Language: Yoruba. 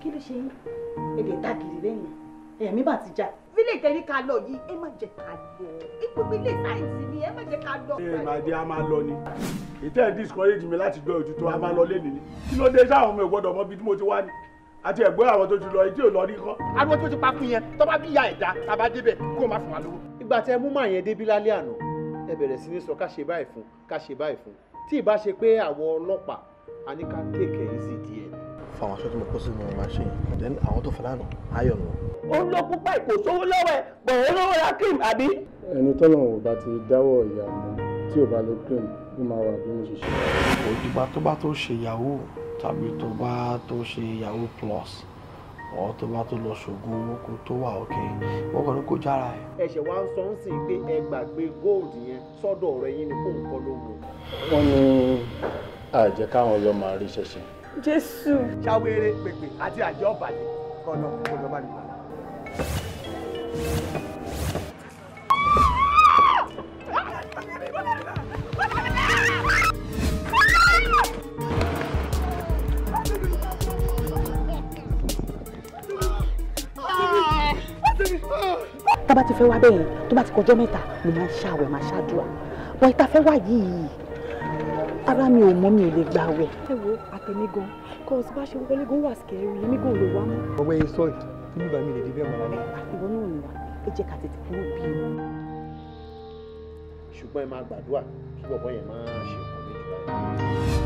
kí ló ṣe yín èdè tágìrì lẹ́yìn ẹ̀mí bá ti já ilé ìtẹ̀rí ká lọ yìí ẹ má jẹ́ ká lọ ìpínpín ilé sáyẹ́ǹsì ni ẹ má jẹ́ ká lọ. ṣé màdí a máa lọ ni ìtẹ́ discourage mi láti gbọ́ òtútù a máa lọ lẹ́nu ni kí ló dé sáwọn ọmọ ìgbọ́dọ̀ mọ́ bí mo ti wá ni àti ẹ̀gbọ́n àwọn tó ti lọ etí ò lọ rí kọ́. ariwo tó ti pa fún yẹn tó bá bí ìyá ẹ̀dá tàbá débẹ̀ kó o má fún wa lówó. ìgbà tẹ mú màá yẹn débí lálẹ́ àná ẹ bẹ̀rẹ̀ sí ní sọ ká ṣe báyìí fún ká ṣe báyìí fún tí ì bá ṣe pé àwọn ọlọ́pàá a ní ká kéèké yìí sì díẹ̀ fa àwọn aṣọ tí mo kó sínú machine then àwọn tó falánà ayọ̀ nù. ó ń lọ pupa ìkò sówó lọ́wọ́ ẹ̀ bọ̀wọ́ lọ́wọ́ ra cream àbí. ẹni tọ́lọ̀ ò bá ti dáwọ́ ìyá mi tí ò bá lo cream ó máa wà bí mo ṣe ṣe. òdìgbà tó bá tó ṣe yahoo tàbí tó bá tó ṣe yahoo plus ọ tó bá tó lọ ṣògo owó kó tó wà òkè wọn kàn ní kó jára ẹ. ẹsẹ̀ wa ń sọ ń sìn pé ẹ gbàgbé gold yẹn sọ́dọ̀ ọ̀rẹ́ yín ni kó nǹkan ló mú. wọ́n ní àìjẹ́ káwọn lọ máa rí ṣẹ̀ṣẹ̀ jésù. ṣàwérè pèpè àti àjọ ọ̀bàlẹ̀ kọ́nà kọ́nà bá mi gbà. tá bá ti fẹ́ wá bẹ́yẹn tó bá ti kọjọ́ mẹ́ta mo máa ń ṣàwẹ̀ máa ṣàdúrà bọ́ ìta fẹ́ wá yìí ara mi ò mọ́ mi ò lè gbà wẹ̀. ẹ wo àtẹ̀mí gan cos bá ṣe wọlé gan wà scary èmi gan ò lè wá mọ́. ọwọ́ ẹ sọ yìí nínú mi lè di bẹ́ẹ̀ mọ́ lálẹ́. àtiwọ́ náà ni wà ẹ jẹ́ ká tètè kúrò bí ṣùgbọ́n ẹ máa gbàdúrà kí bọ̀bọ̀ yẹn máa ṣe nǹkan méjì báyìí.